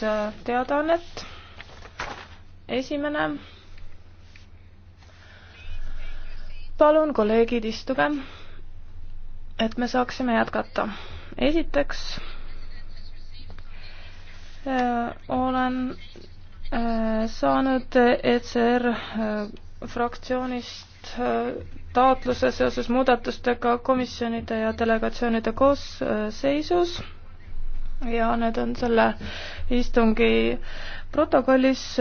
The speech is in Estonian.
kaks teadaannet. esimene. palun, kolleegid, istuge, et me saaksime jätkata. esiteks äh, olen äh, saanud ECR äh, fraktsioonist taotluse seoses muudatustega komisjonide ja delegatsioonide koosseisus ja need on selle istungi protokollis.